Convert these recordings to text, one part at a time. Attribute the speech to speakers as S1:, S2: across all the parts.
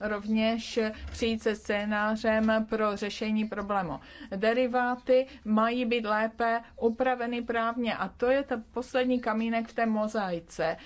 S1: rovněž přijít se scénářem pro řešení problému. Deriváty mají být lépe upraveny právně a to je ten poslední kamínek v té mozaice.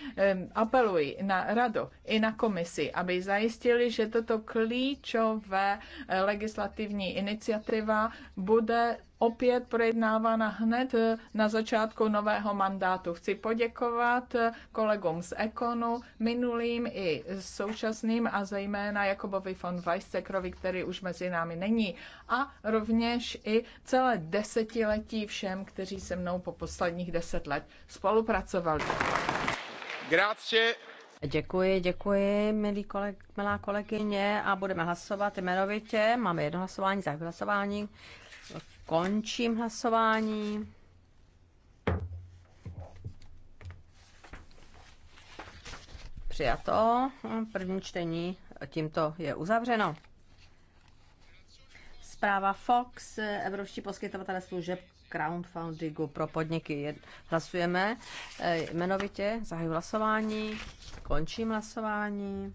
S1: Apeluji na radu i na komisi, aby zajistili, že toto klíčové legislativní iniciativa bude opět projednávána hned na začátku nového mandátu. Chci poděkovat kolegům z Ekonu, minulým i současným a zejména Jakobovi von Weissekrovi, který už mezi námi není a rovněž i celé desetiletí všem, kteří se mnou po posledních deset let spolupracovali.
S2: Grazie.
S1: Děkuji, děkuji, milí koleg, milá
S3: kolegyně, a budeme hlasovat jmenovitě. Máme jedno hlasování, za hlasování. Končím hlasování. Přijato. První čtení tímto je uzavřeno. Zpráva Fox, evropští poskytovatele služeb crowdfundingu pro podniky. Hlasujeme eh, jmenovitě, zahajuji hlasování, končím hlasování.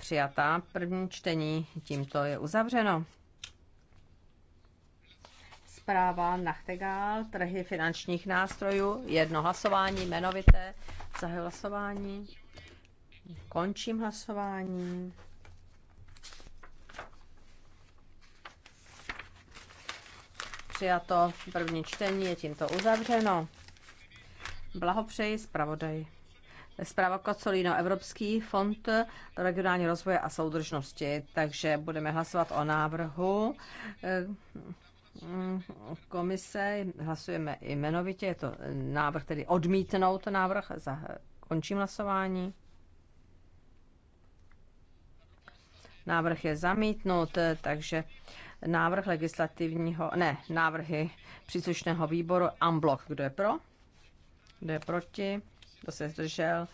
S3: přijatá. První čtení tímto je uzavřeno. Zpráva Nachtegal, trhy finančních nástrojů, jedno hlasování, jmenovité, zahajuji hlasování, končím hlasování. Přijato první čtení je tímto uzavřeno. Blahopřeji zpravodaj. Zpráva Kocolino, Evropský fond regionální rozvoje a soudržnosti. Takže budeme hlasovat o návrhu komise. Hlasujeme i jmenovitě. Je to návrh, tedy odmítnout návrh. Končím hlasování. Návrh je zamítnut, takže návrh legislativního, ne, návrhy příslušného výboru Amblok. Kdo je pro? Kdo je proti? kdo se zdržel,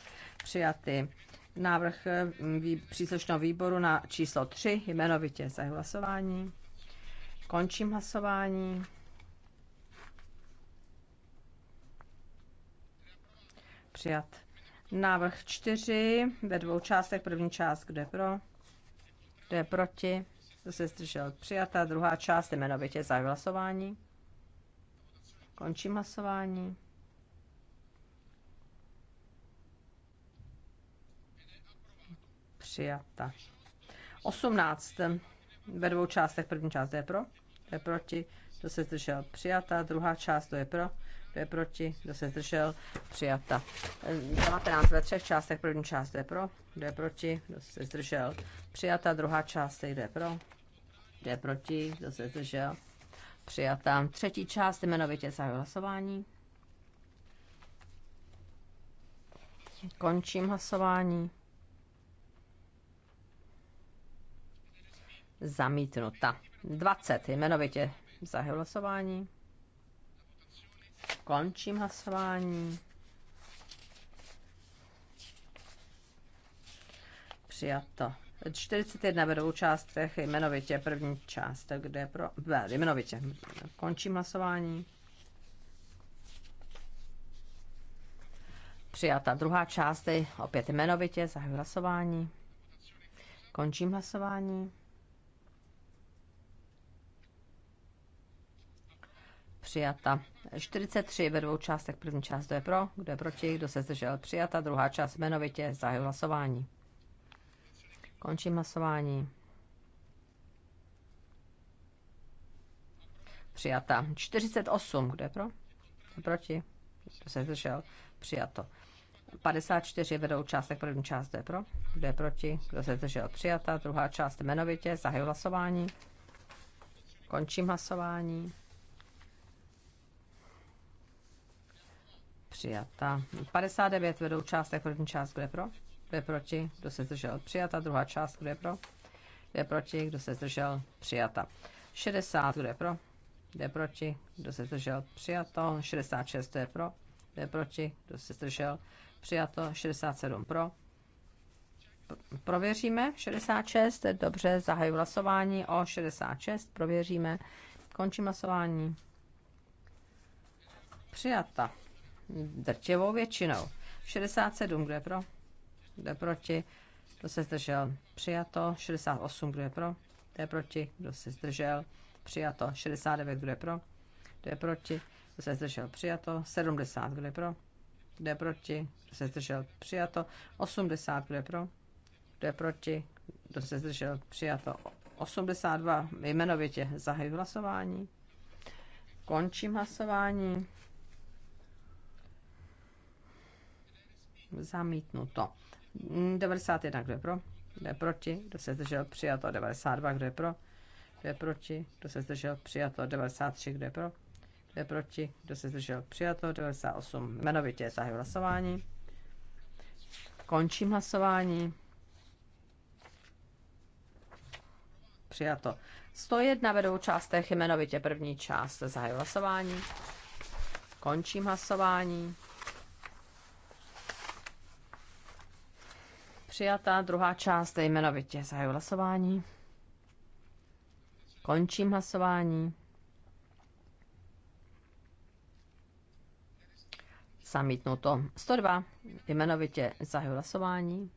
S3: přijaty. Návrh eh, vý, příslušného výboru na číslo 3, jmenovitě za hlasování. Končím hlasování. Přijat. Návrh 4 ve dvou částech. První část, kdo je pro, kdo je proti, kdo se zdržel, přijata. Druhá část jmenovitě za hlasování. Končím hlasování. přijata. 18 ve dvou částech. První část je pro, je proti, kdo se zdržel přijata. Druhá část to je pro, kdo je proti, kdo se zdržel přijata. 19 ve třech částech. První část je pro, kdo je proti, kdo se zdržel přijata. Druhá část je pro, kdo je proti, kdo se zdržel přijata. Třetí část jmenovitě za hlasování. Končím hlasování. zamítnuta. 20 jmenovitě zahajuji hlasování. Končím hlasování. Přijato. 41 ve dvou částech, jmenovitě první část, kde je pro... Ne, jmenovitě. Končím hlasování. Přijata druhá část, opět jmenovitě, zahajuji hlasování. Končím hlasování. přijata. 43 ve dvou částech. První část, kdo je pro, kdo je proti, kdo se zdržel přijata. Druhá část jmenovitě zahájil hlasování. Končím hlasování. Přijata. 48, kdo je pro, kdo je proti, kdo se zdržel přijato. 54 vedou částek první část, kdo je pro, kdo je proti, kdo se zdržel přijata. Druhá část jmenovitě zahajuji hlasování. Končím hlasování. Přijata. 59 vedou částek, první část, kdo je pro? Kdo je proti? Kdo se zdržel? Přijata. Druhá část, kdo je pro? Kdo je proti? Kdo se zdržel? Přijata. 60, kdo je pro? Kdo je proti? Kdo se zdržel? Přijato. 66, kdo je pro? Kdo je proti? Kdo se zdržel? Přijato. 67 pro. Prověříme 66, dobře, zahaju hlasování o 66, prověříme, končím hlasování. Přijata drtivou většinou. 67, kdo je pro? Kdo je proti? Kdo se zdržel? Přijato. 68, kdo je pro? Kdo je proti? Kdo se zdržel? Přijato. 69, kdo je pro? Kdo je proti? Kdo se zdržel? Přijato. 70, kdo je pro? Kdo je proti? Kdo se zdržel? Přijato. 80, kdo je pro? Kdo je proti? Kdo se zdržel? Přijato. 82, jmenovitě zahajuji hlasování. Končím hlasování. Zamítnuto. 91, kdo je pro? Kdo je proti? Kdo se zdržel? Přijato. 92, kdo je pro? Kdo je proti? Kdo se zdržel? Přijato. 93, kdo je pro? Kdo je proti? Kdo se zdržel? Přijato. 98, jmenovitě zahajuji hlasování. Končím hlasování. Přijato. 101 vedou částech jmenovitě první část. Zahajuji hlasování. Končím hlasování. přijata. Druhá část jmenovitě zahajuji hlasování. Končím hlasování. Zamítnuto. 102. Jmenovitě zahajuji hlasování.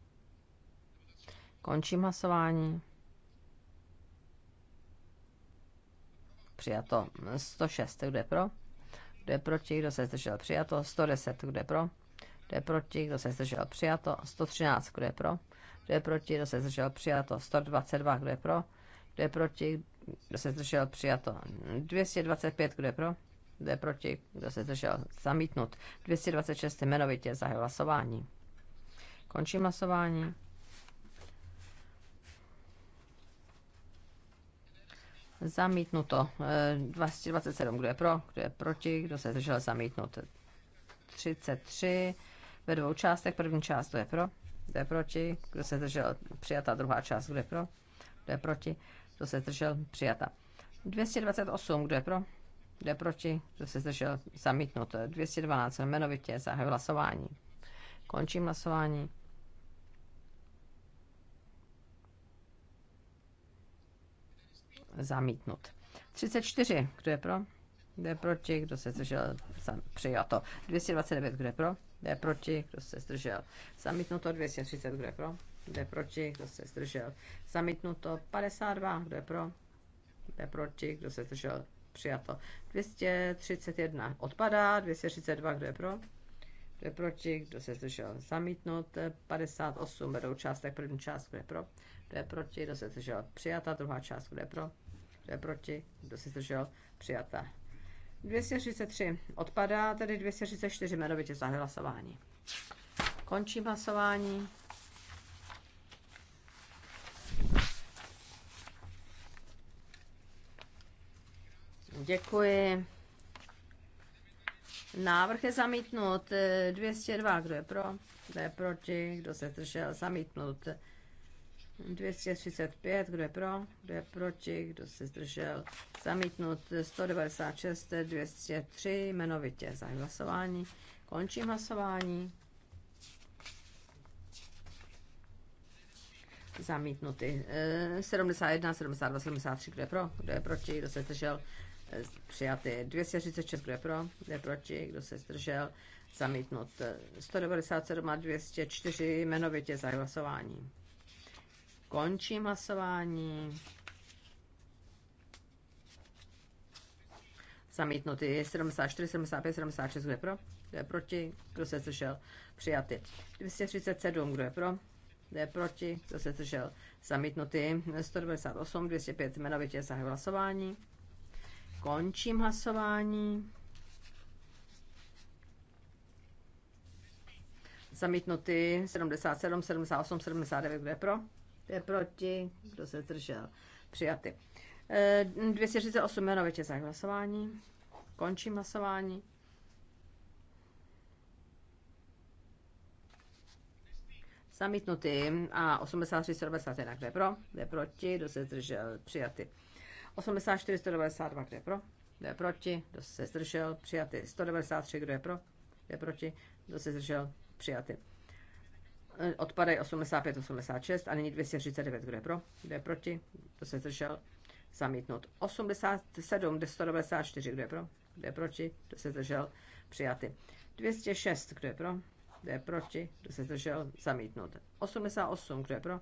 S3: Končím hlasování. Přijato 106. Kdo je pro? Kdo je proti? Kdo se zdržel? Přijato 110. Kdo je pro? kdo je proti, kdo se zdržel přijato, 113, kdo je pro, kdo je proti, kdo se zdržel přijato, 122, kdo je pro, kdo je proti, kdo se zdržel přijato, 225, kdo je pro, kdo je proti, kdo se zdržel zamítnut, 226 jmenovitě za hlasování. Končím hlasování. Zamítnuto. 227, kdo je pro, kdo je proti, kdo se zdržel zamítnut. 33 ve dvou částech. První část, to je pro, kdo je proti, kdo se držel přijata. Druhá část, kdo je pro, kdo je proti, kdo se držel přijata. 228, kdo je pro, kdo je proti, kdo se zdržel, zamítnut. 212, jmenovitě, zahajuji hlasování. Končím hlasování. Zamítnut. 34, kdo je pro? Kdo je proti? Kdo se zdržel? Přijato. 229, kdo je pro? Jde proti? Kdo se zdržel? Zamítnuto 230. Kdo je pro? Kdo proti? Kdo se zdržel? Zamítnuto 52. Kdo je pro? Kdo proti? Kdo se zdržel? Přijato. 231 odpadá. 232. Kdo je pro? Kdo je proti? Kdo se zdržel? Zamítnut. 58 vedou částek. První část, kdo je pro? Kdo je proti? Kdo se zdržel? Přijata. Druhá část, kdo je pro? Kdo je proti? Kdo se zdržel? Přijata. 233 odpadá, tedy 234 jmenovitě za hlasování. Končím hlasování. Děkuji. Návrh je zamítnut. 202. Kdo je pro? Kdo je proti? Kdo se zdržel? Zamítnut. 235, kdo je pro, kdo je proti, kdo se zdržel, zamítnut 196, 203, jmenovitě za hlasování. Končím hlasování. Zamítnuty. 71, 72, 73, kdo je pro, kdo je proti, kdo se zdržel, eh, přijaty. 236, kdo je pro, kdo je proti, kdo se zdržel, zamítnut 197 a 204, jmenovitě za hlasování. Končím hlasování. Zamítnuty 74, 75, 76, kdo je pro? Kdo je proti? Kdo se zdržel? Přijaty. 237, kdo je pro? Kdo je proti? Kdo se zdržel? Zamítnuty 198, 205, jmenovitě zahajuji hlasování. Končím hlasování. Zamítnuty 77, 78, 79, kdo je pro? Kdo je proti? Kdo se zdržel? Přijaty. Eh, 238 jmenovitě za hlasování. Končím hlasování. Zamítnutý a 83 191, kde pro, kde proti, kdo se zdržel, přijaty. 84 192, kde pro, kde proti, kdo se zdržel, přijaty. 193, kdo je pro, kde proti, kdo se zdržel, přijaty odpadají 85, 86 a nyní 239, kdo je pro, kdo je proti, To se zdržel, zamítnut. 87, 194, kdo je pro, kdo je proti, kdo se zdržel, přijaty. 206, kdo je pro, kdo je proti, kdo se zdržel, zamítnut. 88, kdo je pro,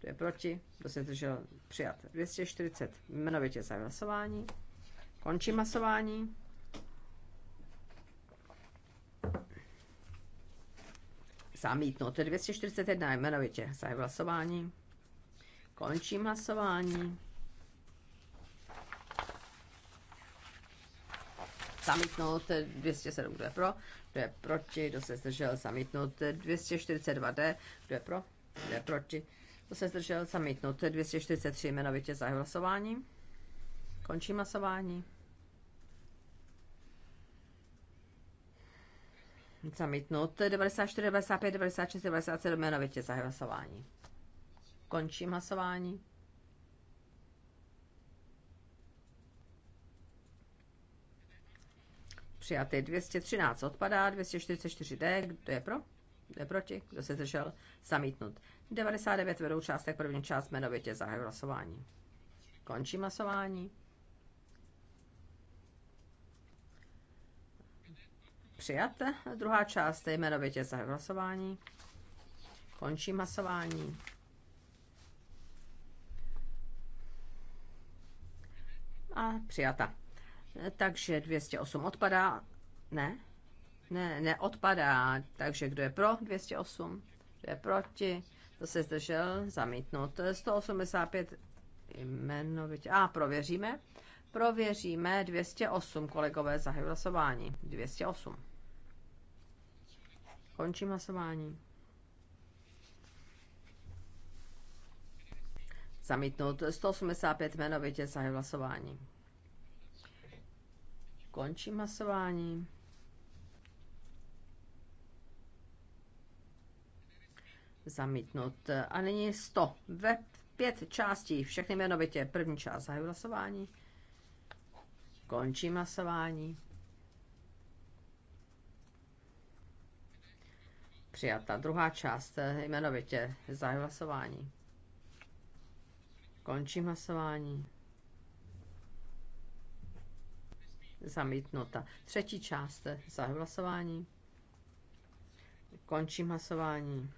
S3: kdo je proti, kdo se zdržel, přijat. 240, jmenovitě za hlasování. Končím hlasování. zamítnut. 241 jmenovitě. za hlasování. Končím hlasování. Zamítnout 207, kdo je pro, kdo je proti, kdo se zdržel, zamítnout 242D, kdo je pro, kdo je proti, kdo se zdržel, zamítnout 243 jmenovitě za hlasování. Končím hlasování. Zamítnut 94, 95, 96, 97 jmenovitě za hlasování. Končím hlasování. Přijaty 213 odpadá, 244D, kdo je pro? Kdo je proti? Kdo se zdržel? Zamítnut. 99 vedou částek první část jmenovitě za hlasování. Končím hlasování. přijat. Druhá část jmenovitě za hlasování. Končím hlasování. A přijata. Takže 208 odpadá. Ne? Ne, neodpadá. Takže kdo je pro 208? Kdo je proti? To se zdržel zamítnout. 185 jmenovitě. A prověříme. Prověříme 208, kolegové, za hlasování. 208. Končím hlasování. Zamítnout 185 jmenovitě za hlasování. Končím hlasování. Zamítnout. A nyní 100 ve pět částí, všechny jmenovitě. První část za hlasování. Končím hlasování. Přijata druhá část, eh, jmenovitě zahájí hlasování. Končím hlasování. Zamítnuta. Třetí část, eh, zahájí hlasování. Končím hlasování.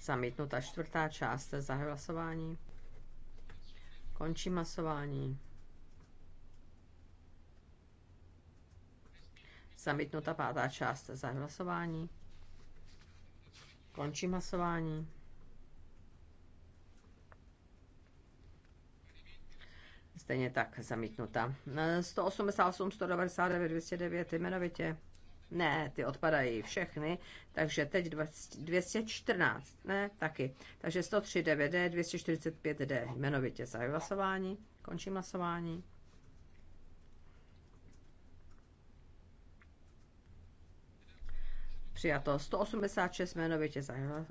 S3: Zamítnuta čtvrtá část, eh, zahájí hlasování končí masování. Zamítnuta pátá část za hlasování. Končí masování. Stejně tak zamítnuta. 188, 199, 209 jmenovitě. Ne, ty odpadají všechny, takže teď 20, 214, ne, taky. Takže 103 d 245D, jmenovitě zahajuji hlasování, končím hlasování. Přijato 186, jmenovitě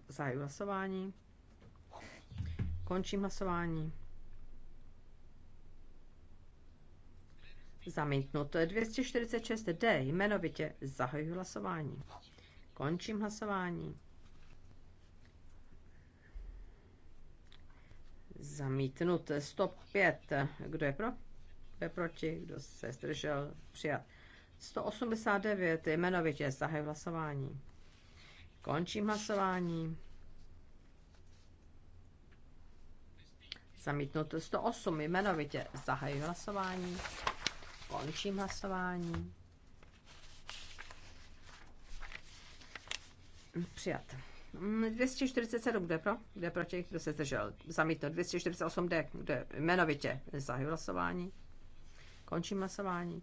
S3: zahajuji hlasování, končím hlasování. Zamítnuto 246D jmenovitě zahajuji hlasování. Končím hlasování. Zamítnut 105. Kdo je pro? Kdo je proti? Kdo se zdržel? Přijat. 189 jmenovitě zahajuji hlasování. Končím hlasování. Zamítnut 108 jmenovitě zahajuji hlasování. Končím hlasování. Přijat. 247, mm, kde pro? Kde proti? Kdo se zdržel? Zamítnout. 248, kde? Kde? Jmenovitě. Zahajuji hlasování. Končím hlasování.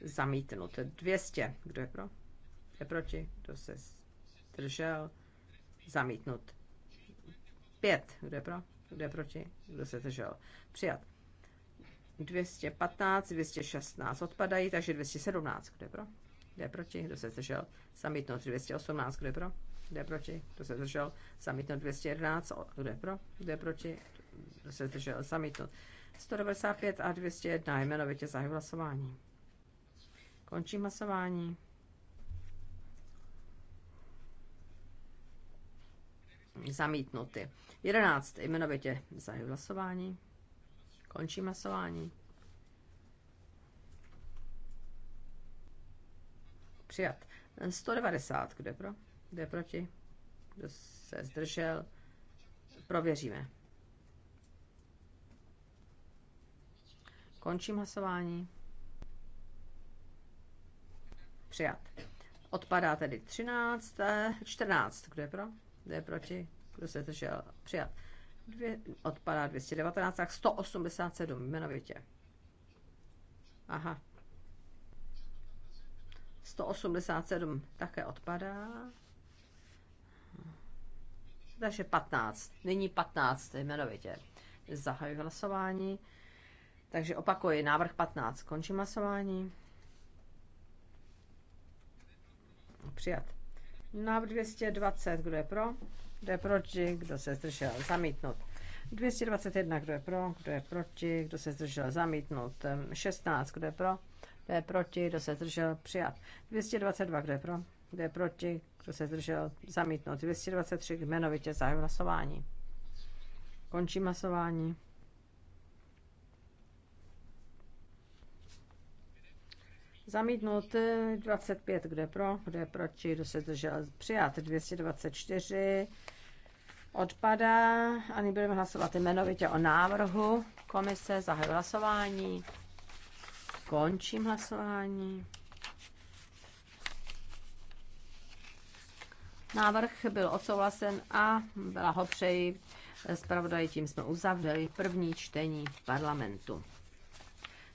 S3: Zamítnut. 200, kdo je pro? Kde proti? Kdo se zdržel? Zamítnut. 5, kdo je pro? Kdo je proti? Kdo se držel? Přijat. 215, 216 odpadají, takže 217. Kdo je pro? Kdo je proti? Kdo se zdržel? Zamítnout 218. Kdo je pro? Kdo je proti? Kdo se zdržel? Zamítnout 211. Kdo je pro? Kdo je proti? Kdo se zdržel? Zamítnout 195 a 201. Jmenovitě zahy hlasování. Končím hlasování. zamítnuty. 11. Jmenovitě zahajuji hlasování. Končím hlasování. Přijat. 190. Kdo je pro? Kdo je proti? Kdo se zdržel? Prověříme. Končím hlasování. Přijat. Odpadá tedy 13. 14. Kdo je pro? Kdo je proti? Kdo se držel Přijat. Dvě, odpadá 219, tak 187 jmenovitě. Aha. 187 také odpadá. Takže 15. Nyní 15 jmenovitě. Zahajuji hlasování. Takže opakuji, návrh 15. Končím hlasování. Přijat. Návrh 220, kdo je pro? Kdo je proti? Kdo se zdržel? Zamítnut. 221, kdo je pro? Kdo je proti? Kdo se zdržel? Zamítnut. 16, kdo je pro? Kdo je proti? Kdo se zdržel? Přijat. 222, kdo je pro? Kdo je proti? Kdo se zdržel? Zamítnut. 223, jmenovitě zahájil hlasování. Končím hlasování. Zamítnut 25, eh, kde pro, kde proti, kdo se držel přijat. 224 odpadá a my budeme hlasovat jmenovitě o návrhu komise. Zahajuji hlasování. Končím hlasování. Návrh byl odsouhlasen a blahopřeji. Spravodaj tím jsme uzavřeli první čtení parlamentu.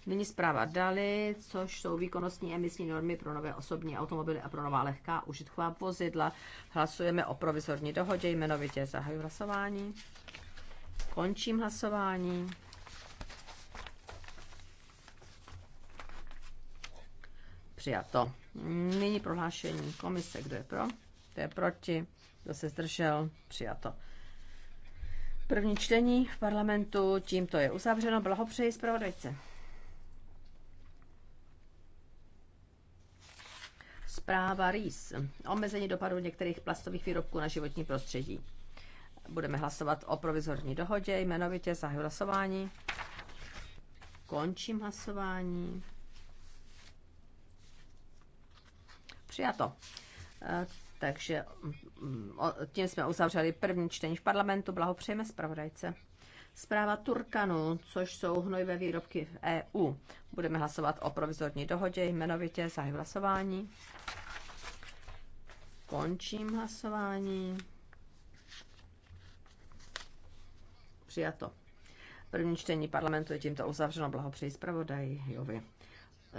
S3: Nyní zpráva Dali, což jsou výkonnostní emisní normy pro nové osobní automobily a pro nová lehká užitková vozidla. Hlasujeme o provizorní dohodě, jmenovitě zahaju hlasování. Končím hlasování. Přijato. Nyní prohlášení komise, kdo je pro, kdo je proti, kdo se zdržel, přijato. První čtení v parlamentu tímto je uzavřeno. Blahopřeji zpravodajce. Zpráva RIS. Omezení dopadu některých plastových výrobků na životní prostředí. Budeme hlasovat o provizorní dohodě, jmenovitě za hlasování. Končím hlasování. Přijato. E, takže mm, mm, tím jsme uzavřeli první čtení v parlamentu. Blahopřejeme zpravodajce. Zpráva Turkanu, což jsou hnojivé výrobky v EU. Budeme hlasovat o provizorní dohodě, jmenovitě za hlasování. Končím hlasování. Přijato. První čtení parlamentu je tímto uzavřeno. Blahopřeji zpravodaji Jovi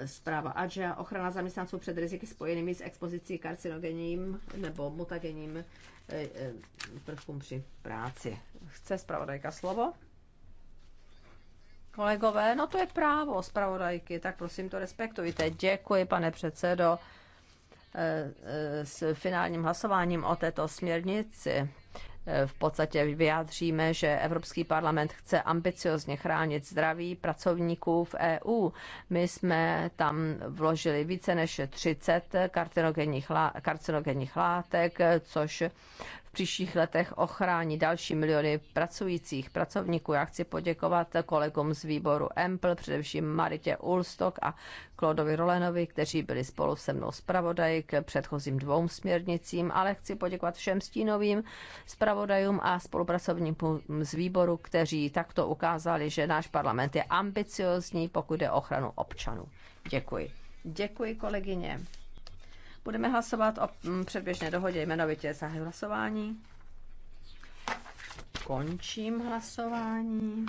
S3: zpráva AGEA, ochrana zaměstnanců před riziky spojenými s expozicí karcinogenním nebo mutagenním eh, eh, prvkům při práci. Chce zpravodajka slovo? Kolegové, no to je právo zpravodajky, tak prosím to respektujte. Děkuji, pane předsedo eh, s finálním hlasováním o této směrnici. Eh, v podstatě vyjádříme, že Evropský parlament chce ambiciozně chránit zdraví pracovníků v EU. My jsme tam vložili více než 30 karcinogenních, karcinogenních látek, což příštích letech ochrání další miliony pracujících pracovníků. Já chci poděkovat kolegům z výboru EMPL, především Maritě Ulstok a Klodovi Rolenovi, kteří byli spolu se mnou zpravodaji k předchozím dvou směrnicím, ale chci poděkovat všem stínovým zpravodajům a spolupracovníkům z výboru, kteří takto ukázali, že náš parlament je ambiciozní, pokud jde ochranu občanů. Děkuji. Děkuji, kolegyně. Budeme hlasovat o mm, předběžné dohodě jmenovitě zahy hlasování.
S1: Končím
S3: hlasování.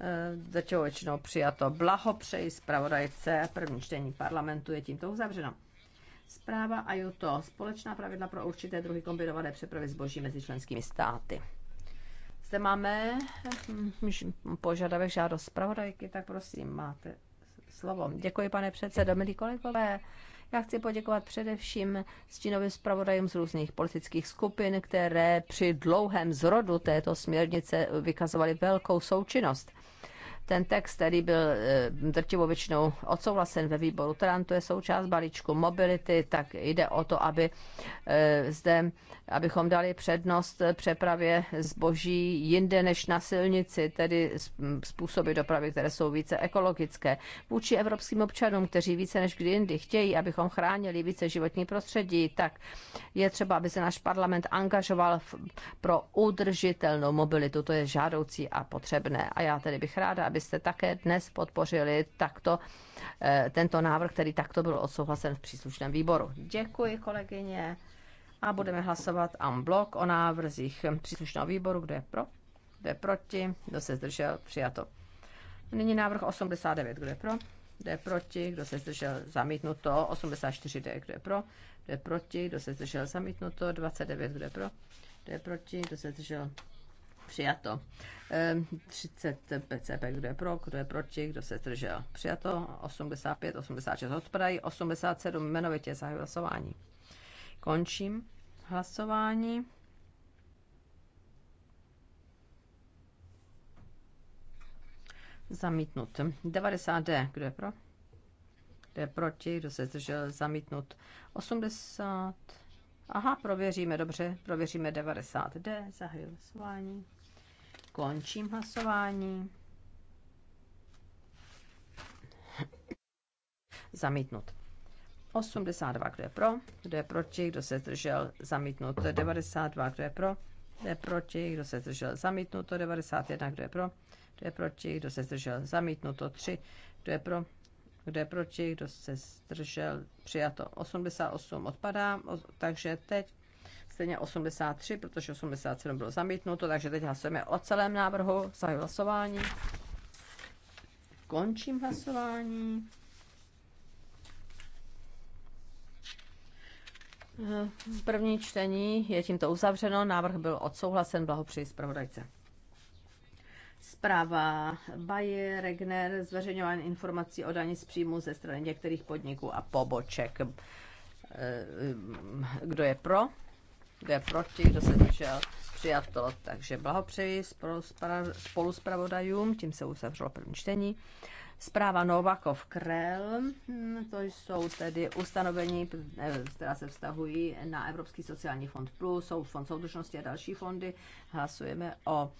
S3: Eh, začalo většinou přijato blahopřeji zpravodajce. První čtení parlamentu je tímto uzavřeno. Zpráva a to Společná pravidla pro určité druhy kombinované přepravy zboží mezi členskými státy. Zde máme hm, požadavek žádost zpravodajky, tak prosím, máte slovo. Děkuji, pane předsedo, milí kolegové. Já chci poděkovat především stínovým zpravodajům z různých politických skupin, které při dlouhém zrodu této směrnice vykazovaly velkou součinnost ten text, který byl eh, drtivou většinou odsouhlasen ve výboru TRAN, to je součást balíčku mobility, tak jde o to, aby eh, zde, abychom dali přednost přepravě zboží jinde než na silnici, tedy způsoby dopravy, které jsou více ekologické. Vůči evropským občanům, kteří více než kdy jindy chtějí, abychom chránili více životní prostředí, tak je třeba, aby se náš parlament angažoval pro udržitelnou mobilitu. To je žádoucí a potřebné. A já tedy bych ráda, aby abyste také dnes podpořili takto, eh, tento návrh, který takto byl odsouhlasen v příslušném výboru. Děkuji, kolegyně. A budeme hlasovat en blok o návrzích příslušného výboru, kdo je pro, kdo je proti, kdo se zdržel, přijato. Nyní návrh 89, kdo je pro, kdo je proti, kdo se zdržel, zamítnuto, 84D, kdo je pro, kdo je proti, kdo se zdržel, zamítnuto, 29, kdo je pro, kdo je proti, kdo se zdržel, Přijato. 30 ehm, PCP, kdo je pro, kdo je proti, kdo se zdržel. Přijato 85, 86 odpadají, 87 jmenovitě za hlasování. Končím hlasování. Zamítnut. 90D, kdo je pro? Kdo je proti, kdo se zdržel, zamítnut. 80. Aha, prověříme, dobře, prověříme 90D, zahajuji hlasování. Končím hlasování. Zamítnut. 82, kdo je pro, kdo je proti, kdo se zdržel, zamítnut. 92, kdo je pro, kdo je proti, kdo se zdržel, zamítnuto. 91, kdo je pro, kdo je proti, kdo se zdržel, zamítnuto. 3, kdo je pro, kdo je proti, kdo se zdržel, přijato. 88 odpadá, takže teď stejně 83, protože 87 bylo zamítnuto, takže teď hlasujeme o celém návrhu, zahajuji hlasování. Končím hlasování. První čtení je tímto uzavřeno, návrh byl odsouhlasen, blahopřeji zpravodajce. Zpráva Bayer Regner, zveřejňování informací o daní z příjmu ze strany některých podniků a poboček. Eh, kdo je pro? kdo je proti, kdo se zdržel, přijato. Takže blahopřeji spolu s pravodajům, tím se uzavřelo první čtení. Zpráva Novakov Krel, hm, to jsou tedy ustanovení, eh, která se vztahují na Evropský sociální fond plus, jsou fond soudržnosti a další fondy. Hlasujeme o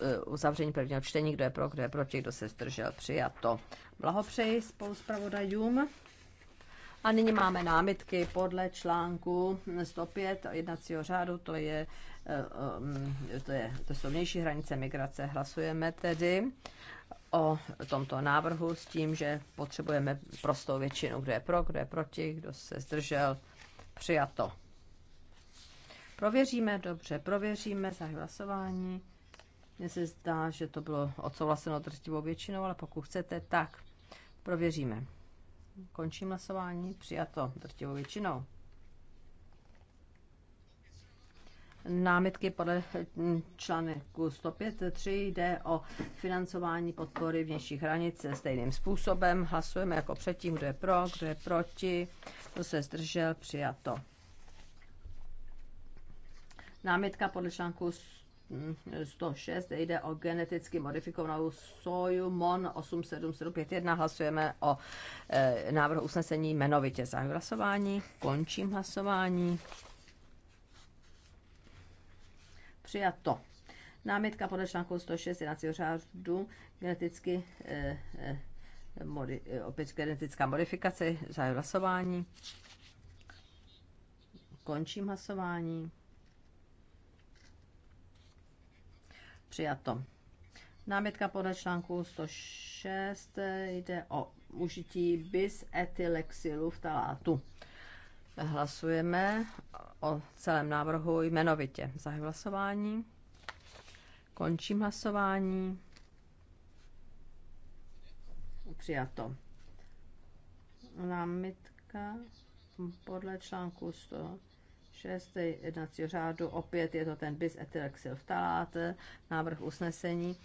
S3: eh, uzavření prvního čtení, kdo je pro, kdo je proti, kdo se zdržel, přijato. Blahopřeji spolu s pravodajům. A nyní máme námitky podle článku 105 jednacího řádu, to je eh, eh, to, je, to jsou vnější hranice migrace. Hlasujeme tedy o tomto návrhu s tím, že potřebujeme prostou většinu, kdo je pro, kdo je proti, kdo se zdržel. Přijato. Prověříme, dobře, prověříme za hlasování. Mně se zdá, že to bylo odsouhlaseno drtivou většinou, ale pokud chcete, tak prověříme. Končím hlasování. Přijato drtivou většinou. Námitky podle článku 105.3 jde o financování podpory vnějších hranic stejným způsobem. Hlasujeme jako předtím, kdo je pro, kdo je proti, kdo se zdržel, přijato. Námitka podle článku 106, jde o geneticky modifikovanou soju MON 87751. Hlasujeme o e, návrhu usnesení jmenovitě. za hlasování, končím hlasování. Přijato. Námitka podle článku 106 jednacího řádu geneticky e, e, modi, e, opět genetická modifikace, zahajuji hlasování, končím hlasování. Přijato. Námitka podle článku 106 jde o užití bis talátu. Hlasujeme o celém návrhu jmenovitě. Zahajuji hlasování. Končím hlasování. Přijato. Námitka podle článku 100 6 jednacího řádu, opět je to ten bis etylexylftalát, návrh usnesení.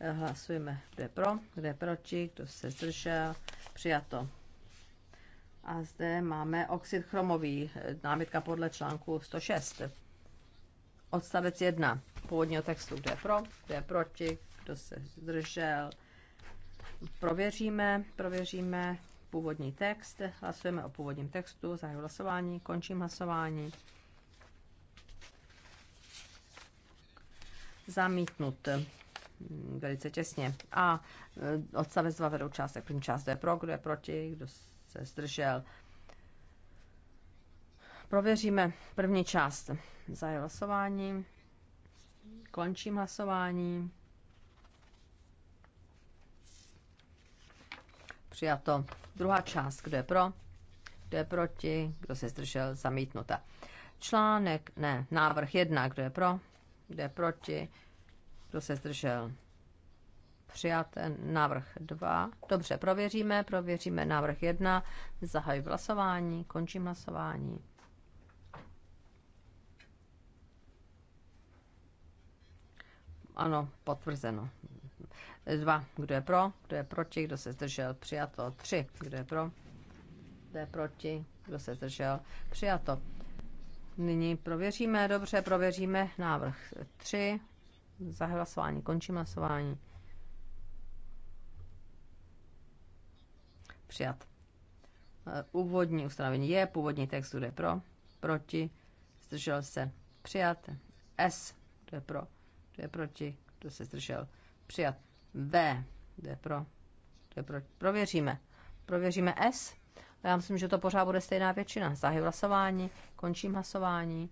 S3: Eh, hlasujeme, kdo je pro, kdo je proti, kdo se zdržel, přijato. A zde máme oxid chromový, námitka podle článku 106. Odstavec 1 původního textu, kdo je pro, kdo je proti, kdo se zdržel. Prověříme, prověříme původní text, hlasujeme o původním textu, zahajuji hlasování, končím hlasování. zamítnut eh, velice těsně. A eh, odstavec 2 vedou tak První část je pro, kdo je proti, kdo se zdržel. Prověříme první část. za hlasování. Končím hlasování. Přijato. Druhá část. Kdo je pro? Kdo je proti? Kdo se zdržel? Zamítnuta. Článek, ne, návrh jedna. Kdo je pro? Kde proti? Kdo se zdržel? Přijat návrh 2. Dobře, prověříme. Prověříme návrh 1. Zahajuji hlasování. Končím hlasování. Ano, potvrzeno. 2. Kdo je pro? Kdo je proti? Kdo se zdržel? Přijato. 3. Kdo je pro? Kdo je proti? Kdo se zdržel? Přijato. Nyní prověříme, dobře, prověříme návrh 3. Zahlasování, končím hlasování. Přijat. E, úvodní ustanovení je, původní text bude pro, proti, zdržel se, přijat. S, to je pro, to je proti, kdo se zdržel, přijat. V, to je pro, to je proti, prověříme. Prověříme S, já myslím, že to pořád bude stejná většina. Zahajuji hlasování, končím hlasování.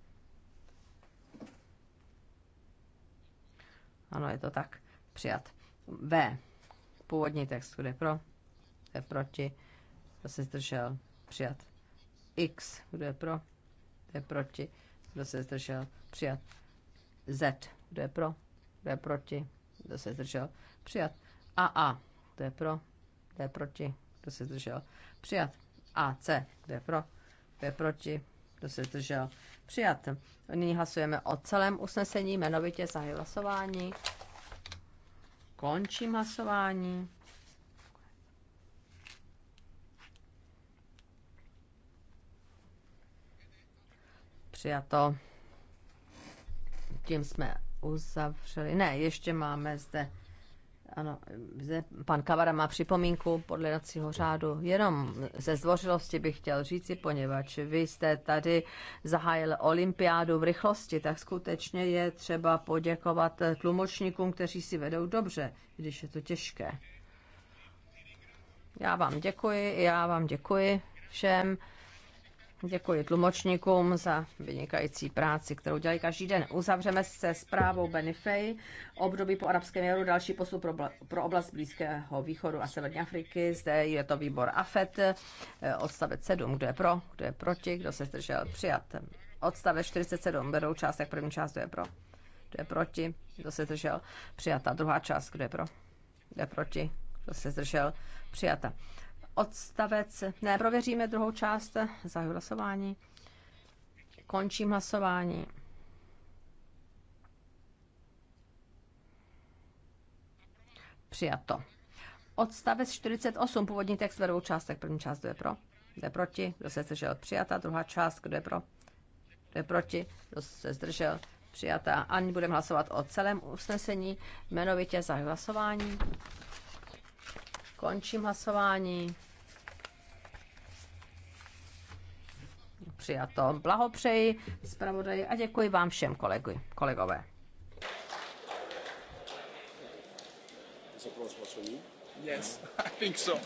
S3: Ano, je to tak. Přijat. V. Původní text, kde pro, kde proti, kdo se zdržel, přijat. X, kdo je pro, kdo je proti, kdo se zdržel, přijat. Z, kdo je pro, kdo je proti, kdo se zdržel, přijat. AA, kdo je pro, kdo je proti, kdo se zdržel, přijat. AC. Kdo je pro? Kdo je proti? Kdo se zdržel? Přijat. Nyní hlasujeme o celém usnesení, jmenovitě zahy hlasování. Končím hlasování. Přijato. Tím jsme uzavřeli. Ne, ještě máme zde ano, zde pan Kavara má připomínku podle jednacího řádu. Jenom ze zdvořilosti bych chtěl říci, poněvadž vy jste tady zahájil olympiádu v rychlosti, tak skutečně je třeba poděkovat tlumočníkům, kteří si vedou dobře, když je to těžké. Já vám děkuji, já vám děkuji všem. Děkuji tlumočníkům za vynikající práci, kterou dělají každý den. Uzavřeme se zprávou Benifej. Období po arabském jaru další postup pro, pro oblast Blízkého východu a Severní Afriky. Zde je to výbor AFET, eh, odstavec 7. Kdo je pro, kdo je proti, kdo se zdržel přijat. Odstavec 47. Berou část, jak první část, kdo je pro, kdo je proti, kdo se zdržel přijata. Druhá část, kdo je pro, kdo je proti, kdo se zdržel přijata odstavec, ne, prověříme druhou část, zahajuji hlasování, končím hlasování. Přijato. Odstavec 48, původní text ve dvou částech. První část, kdo je pro, kdo je proti, kdo se zdržel, přijata. Druhá část, kdo je pro, kdo je proti, kdo se zdržel, přijata. A nyní budeme hlasovat o celém usnesení, jmenovitě za hlasování. Končím hlasování. přijato. Blahopřeji zpravodaji a děkuji vám všem kolegy, kolegové.
S1: Yes, I think so.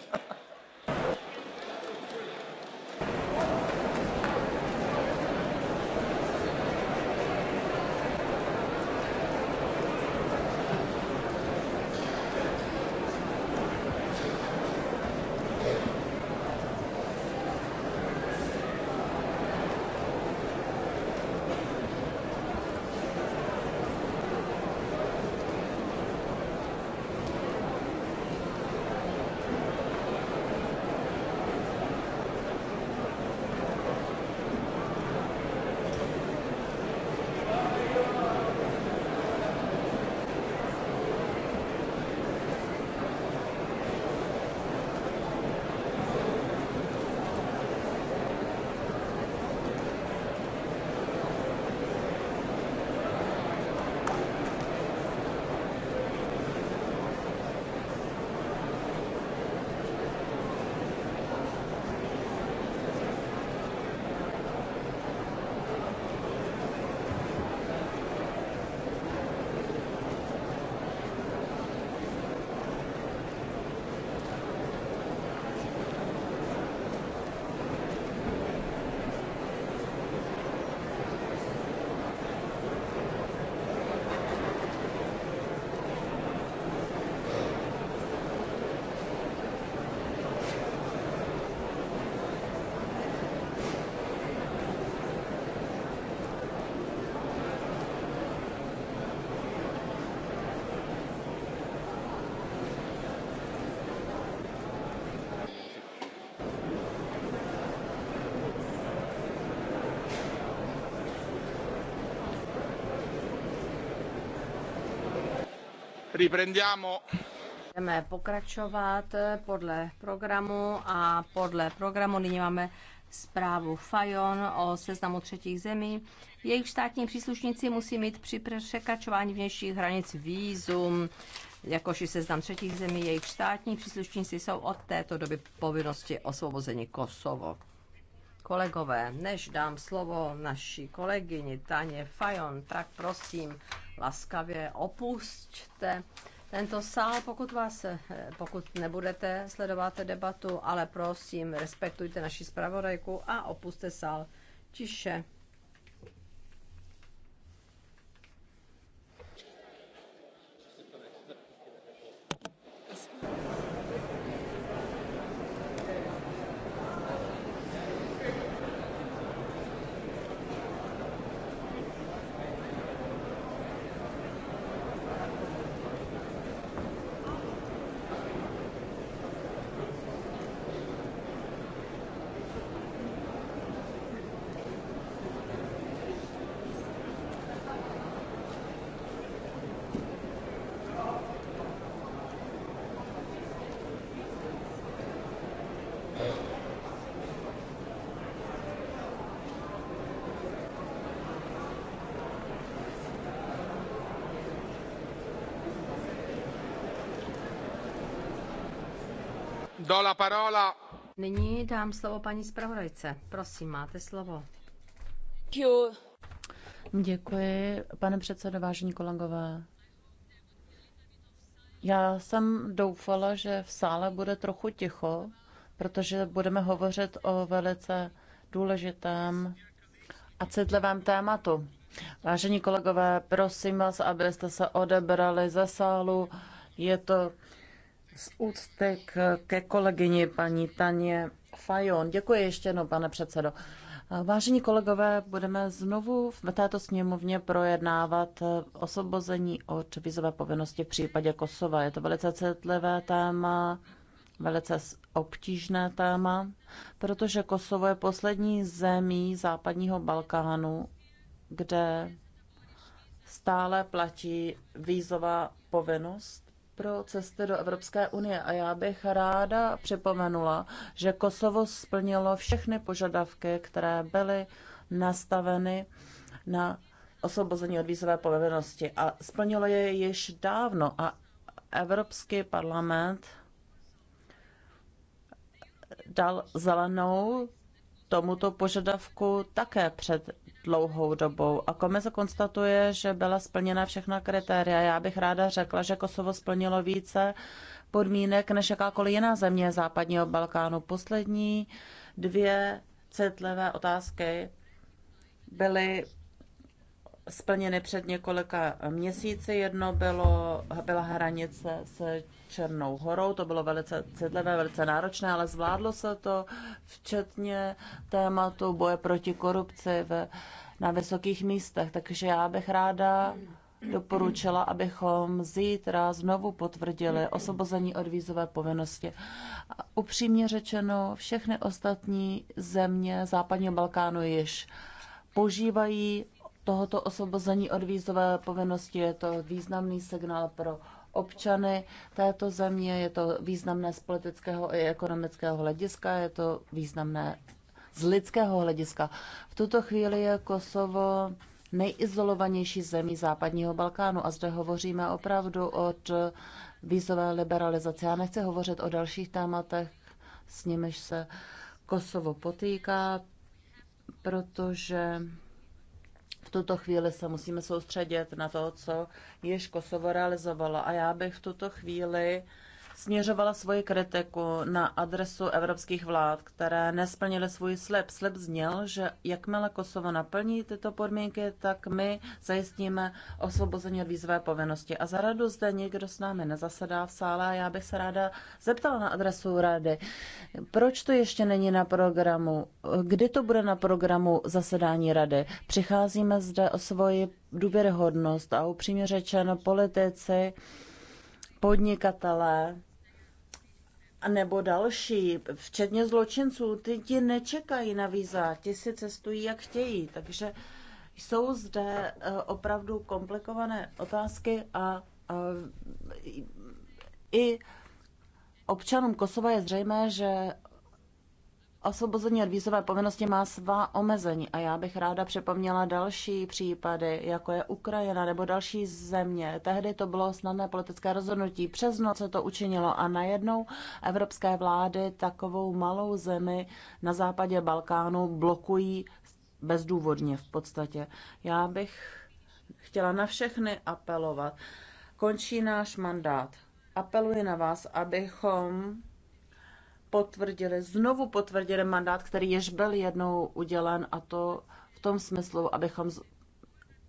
S3: Budeme pokračovat podle programu a podle programu nyní máme zprávu Fajon o seznamu třetích zemí. Jejich státní příslušníci musí mít při překračování vnějších hranic výzum, jakož i seznam třetích zemí. Jejich státní příslušníci jsou od této doby povinnosti osvobození Kosovo. Kolegové, než dám slovo naší kolegyni Taně Fajon, tak prosím, laskavě opusťte tento sál, pokud, vás, eh, pokud nebudete sledovat debatu, ale prosím, respektujte naši zpravodajku a opuste sál tiše. Nyní dám slovo paní zpravodajce. Prosím, máte slovo.
S2: Děkuji, pane předsedo, vážení kolegové. Já jsem doufala, že v sále bude trochu ticho, protože budeme hovořit o velice důležitém a citlivém tématu. Vážení kolegové, prosím vás, abyste se odebrali ze sálu. Je to z úcty k, ke kolegyni paní Taně Fajon. Děkuji ještě jednou, pane předsedo. Vážení kolegové, budeme znovu v této sněmovně projednávat osobození od vizové povinnosti v případě Kosova. Je to velice citlivé téma, velice obtížné téma, protože Kosovo je poslední zemí západního Balkánu, kde stále platí vízová povinnost pro cesty do Evropské unie a já bych ráda připomenula, že Kosovo splnilo všechny požadavky, které byly nastaveny na osvobození od vízové povinnosti a splnilo je již dávno a Evropský parlament dal zelenou tomuto požadavku také před dlouhou dobou a komise konstatuje, že byla splněna všechna kritéria. Já bych ráda řekla, že Kosovo splnilo více podmínek než jakákoliv jiná země západního Balkánu. Poslední dvě citlivé otázky byly splněny před několika měsíci. Jedno bylo, byla hranice s Černou horou, to bylo velice citlivé, velice náročné, ale zvládlo se to, včetně tématu boje proti korupci ve, na vysokých místech. Takže já bych ráda doporučila, abychom zítra znovu potvrdili osvobození od vízové povinnosti. A upřímně řečeno, všechny ostatní země západního Balkánu již požívají tohoto osvobození od vízové povinnosti. Je to významný signál pro občany této země, je to významné z politického i ekonomického hlediska, je to významné z lidského hlediska. V tuto chvíli je Kosovo nejizolovanější zemí západního Balkánu a zde hovoříme opravdu od vízové liberalizace. Já nechci hovořit o dalších tématech, s nimiž se Kosovo potýká, protože v tuto chvíli se musíme soustředit na to, co již Kosovo realizovalo. A já bych v tuto chvíli směřovala svoji kritiku na adresu evropských vlád, které nesplnily svůj slib. Slib zněl, že jakmile Kosovo naplní tyto podmínky, tak my zajistíme osvobození od vízové povinnosti. A za radu zde někdo s námi nezasedá v sále a já bych se ráda zeptala na adresu rady. Proč to ještě není na programu? Kdy to bude na programu zasedání rady? Přicházíme zde o svoji důvěryhodnost a upřímně řečeno politici, podnikatelé nebo další, včetně zločinců, ty ti nečekají na víza, ti si cestují jak chtějí, takže jsou zde eh, opravdu komplikované otázky a, a eh, i občanům Kosova je zřejmé, že osvobození od vízové povinnosti má svá omezení a já bych ráda připomněla další případy, jako je Ukrajina nebo další země. Tehdy to bylo snadné politické rozhodnutí, přes noc se to učinilo a najednou evropské vlády takovou malou zemi na západě Balkánu blokují bezdůvodně v podstatě. Já bych chtěla na všechny apelovat. Končí náš mandát. Apeluji na vás, abychom potvrdili, znovu potvrdili mandát, který již byl jednou udělen a to v tom smyslu, abychom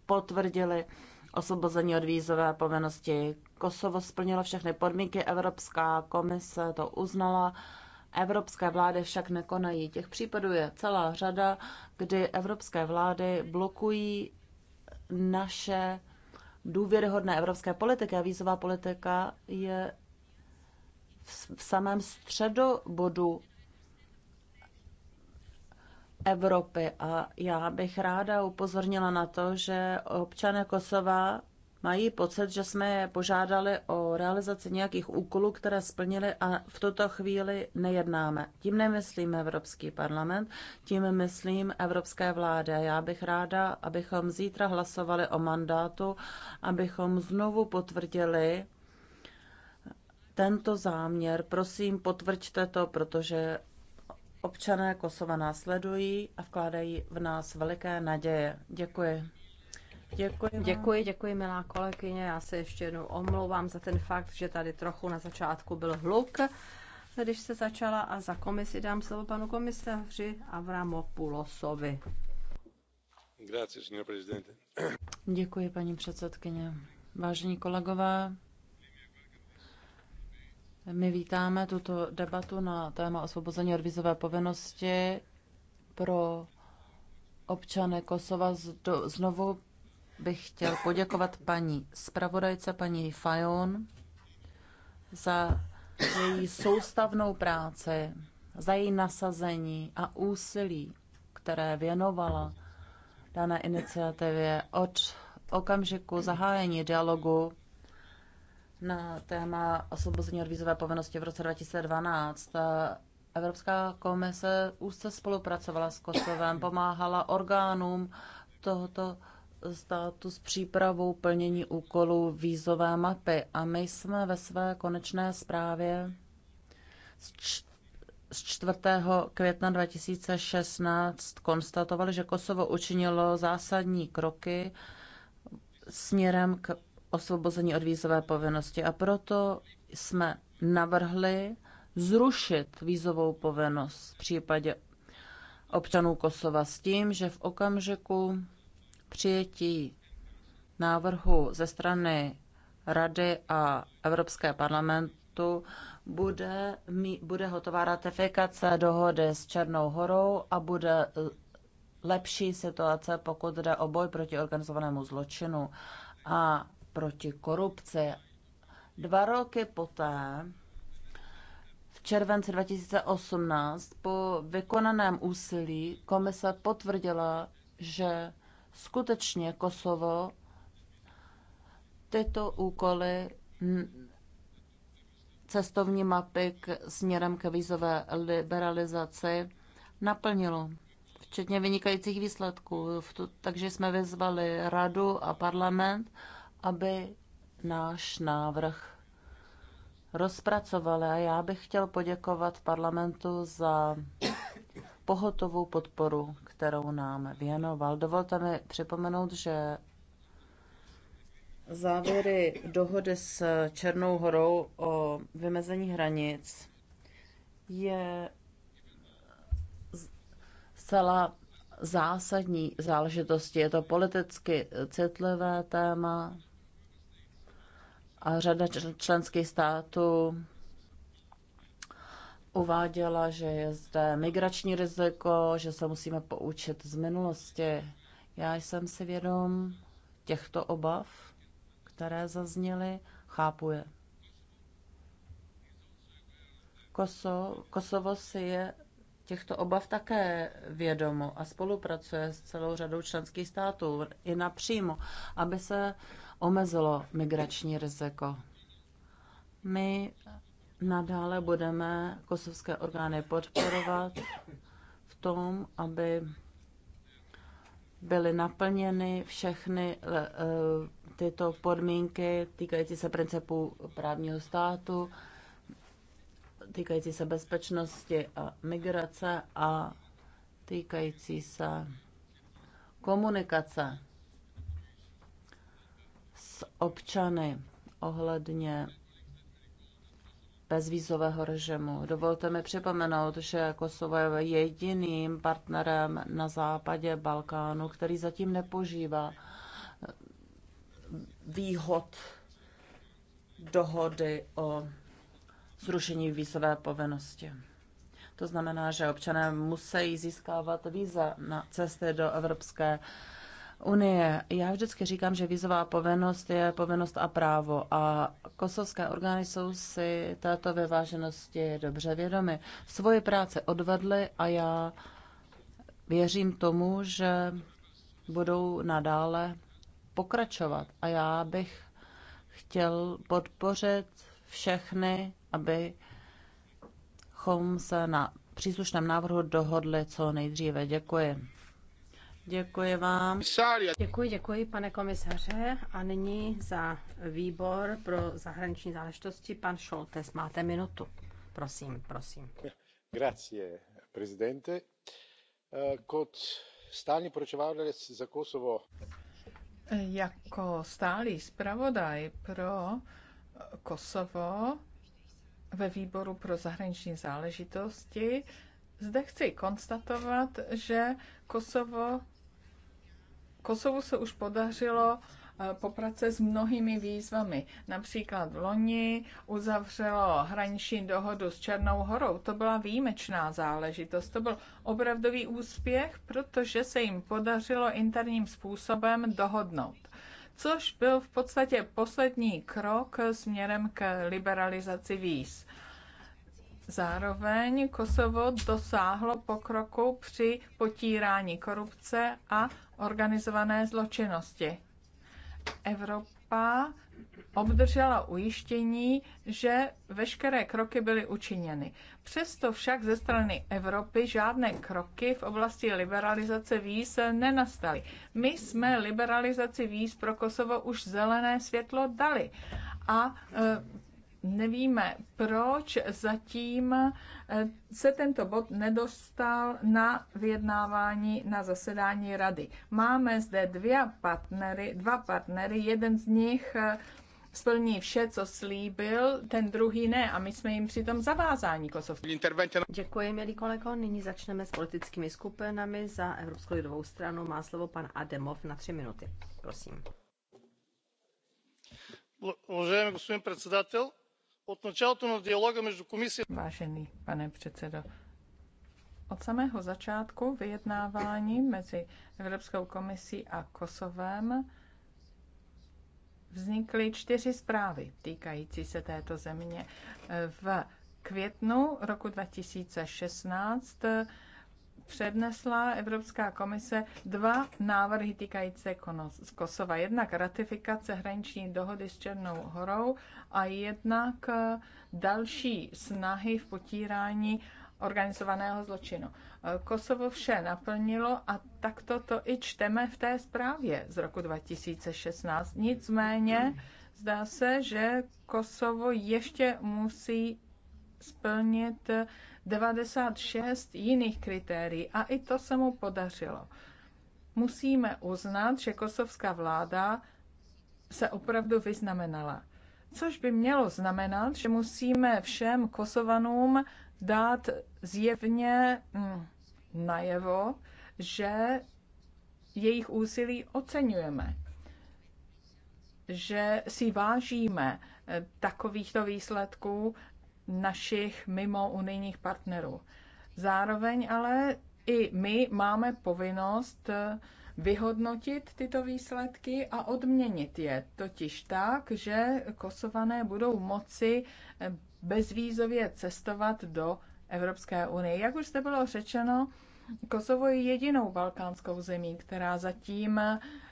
S2: potvrdili osvobození od vízové povinnosti. Kosovo splnilo všechny podmínky, Evropská komise to uznala, evropské vlády však nekonají. Těch případů je celá řada, kdy evropské vlády blokují naše důvěryhodné evropské politiky a vízová politika je v samém středu bodu Evropy. A já bych ráda upozornila na to, že občané Kosova mají pocit, že jsme je požádali o realizaci nějakých úkolů, které splnili a v tuto chvíli nejednáme. Tím nemyslím Evropský parlament, tím myslím Evropské vlády. Já bych ráda, abychom zítra hlasovali o mandátu, abychom znovu potvrdili tento záměr. Prosím, potvrďte to, protože občané Kosova sledují a vkládají v nás veliké naděje. Děkuji. Děkuji. Děkuji,
S3: děkuji, milá kolegyně. Já se ještě jednou omlouvám za ten fakt, že tady trochu na začátku byl hluk, když se začala a za komisi dám slovo panu komisaři Avramopulosovi.
S2: Grazie, Děkuji, paní předsedkyně. Vážení kolegové, my vítáme tuto debatu na téma osvobození od vizové povinnosti pro občany Kosova. Znovu bych chtěl poděkovat paní zpravodajce, paní Fajon, za její soustavnou práci, za její nasazení a úsilí, které věnovala dané iniciativě od okamžiku zahájení dialogu na téma osvobození od vízové povinnosti v roce 2012. Evropská komise úzce spolupracovala s Kosovem, pomáhala orgánům tohoto státu s přípravou plnění úkolů vízové mapy. A my jsme ve své konečné zprávě z 4. května 2016 konstatovali, že Kosovo učinilo zásadní kroky směrem k osvobození od vízové povinnosti. A proto jsme navrhli zrušit vízovou povinnost v případě občanů Kosova s tím, že v okamžiku přijetí návrhu ze strany Rady a Evropské parlamentu bude, bude hotová ratifikace dohody s Černou horou a bude e, lepší situace, pokud jde o boj proti organizovanému zločinu. A proti korupci. Dva roky poté, v červenci 2018, po vykonaném úsilí komise potvrdila, že skutečně Kosovo tyto úkoly cestovní mapy k směrem ke vízové liberalizaci naplnilo, včetně vynikajících výsledků. Takže jsme vyzvali radu a parlament, aby náš návrh rozpracovali. A já bych chtěl poděkovat parlamentu za pohotovou podporu, kterou nám věnoval. Dovolte mi připomenout, že závěry dohody s Černou horou o vymezení hranic je zcela zásadní záležitosti. Je to politicky citlivé téma, a řada členských států uváděla, že je zde migrační riziko, že se musíme poučit z minulosti. Já jsem si vědom těchto obav, které zazněly, chápu je. Kosovo, Kosovo si je těchto obav také vědomo a spolupracuje s celou řadou členských států i napřímo, aby se omezilo migrační riziko. My nadále budeme kosovské orgány podporovat v tom, aby byly naplněny všechny eh, tyto podmínky týkající se principů právního státu, týkající se bezpečnosti a migrace a týkající se komunikace s občany ohledně bezvízového režimu. Dovolte mi připomenout, že Kosovo je jediným partnerem na západě Balkánu, který zatím nepožívá výhod dohody o zrušení vízové povinnosti. To znamená, že občané musí získávat víza na cesty do Evropské unie. Já vždycky říkám, že vízová povinnost je povinnost a právo a kosovské orgány jsou si této vyváženosti dobře vědomy. Svoje práci odvedly a já věřím tomu, že budou nadále pokračovat. A já bych chtěl podpořit všechny abychom se na příslušném návrhu dohodli co nejdříve. Děkuji.
S3: Děkuji vám. Děkuji, děkuji, pane komisaře. A nyní za výbor pro zahraniční záležitosti pan Šoltes. Máte minutu. Prosím, prosím.
S2: Grazie, prezidente. Eh, kot stálý pročevádelec za Kosovo.
S1: Eh, jako stálý zpravodaj pro Kosovo ve výboru pro zahraniční záležitosti. Zde chci konstatovat, že Kosovo, Kosovu se už podařilo eh, poprace s mnohými výzvami. Například v loni uzavřelo hraniční dohodu s Černou horou. To byla výjimečná záležitost. To byl opravdový úspěch, protože se jim podařilo interním způsobem dohodnout což byl v podstatě poslední krok směrem k liberalizaci víz. Zároveň Kosovo dosáhlo pokroku při potírání korupce a organizované zločinnosti. Evropa obdržela ujištění, že veškeré kroky byly učiněny. Přesto však ze strany Evropy žádné kroky v oblasti liberalizace víz nenastaly. My jsme liberalizaci víz pro Kosovo už zelené světlo dali a e, nevíme, proč zatím eh, se tento bod nedostal na vyjednávání na zasedání rady. Máme zde dvě partnery, dva partnery, jeden z nich eh, splní vše, co slíbil, ten druhý ne a my jsme jim přitom zavázáni kosovci. Děkuji, milí kolego. Nyní začneme s politickými skupinami. Za Evropskou lidovou stranu má
S3: slovo pan Ademov na tři minuty. Prosím.
S1: Vážený pane председател, Vážený pane předsedo, od samého začátku vyjednávání mezi Evropskou komisí a Kosovem vznikly čtyři zprávy týkající se této země. V květnu roku 2016 přednesla Evropská komise dva návrhy týkající se Kosova. Jednak ratifikace hraniční dohody s Černou horou a jednak eh, další snahy v potírání organizovaného zločinu. Eh, Kosovo vše naplnilo a takto to i čteme v té zprávě z roku 2016. Nicméně zdá se, že Kosovo ještě musí splnit eh, 96 jiných kritérií a i to se mu podařilo. Musíme uznat, že kosovská vláda se opravdu vyznamenala. Což by mělo znamenat, že musíme všem Kosovanům dát zjevně mm, najevo, že jejich úsilí oceňujeme, že si vážíme takovýchto výsledků, našich mimo unijních partnerů. Zároveň ale i my máme povinnost vyhodnotit tyto výsledky a odměnit je. Totiž tak, že kosované budou moci bezvízově cestovat do Evropské unie. Jak už zde bylo řečeno, Kosovo je jedinou balkánskou zemí, která zatím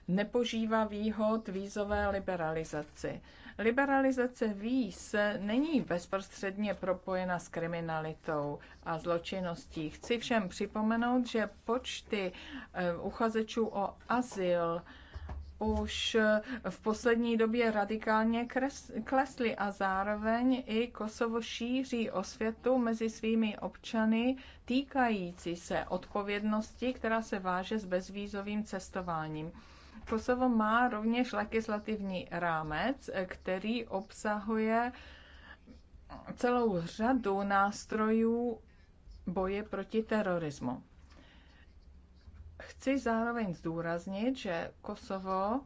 S1: nepožívá výhod vízové liberalizaci. Liberalizace víz není bezprostředně propojena s kriminalitou a zločinností. Chci všem připomenout, že počty eh, uchazečů o azyl už eh, v poslední době radikálně klesly a zároveň i Kosovo šíří osvětu mezi svými občany týkající se odpovědnosti, která se váže s bezvízovým cestováním. Kosovo má rovněž legislativní rámec, který obsahuje celou řadu nástrojů boje proti terorismu. Chci zároveň zdůraznit, že Kosovo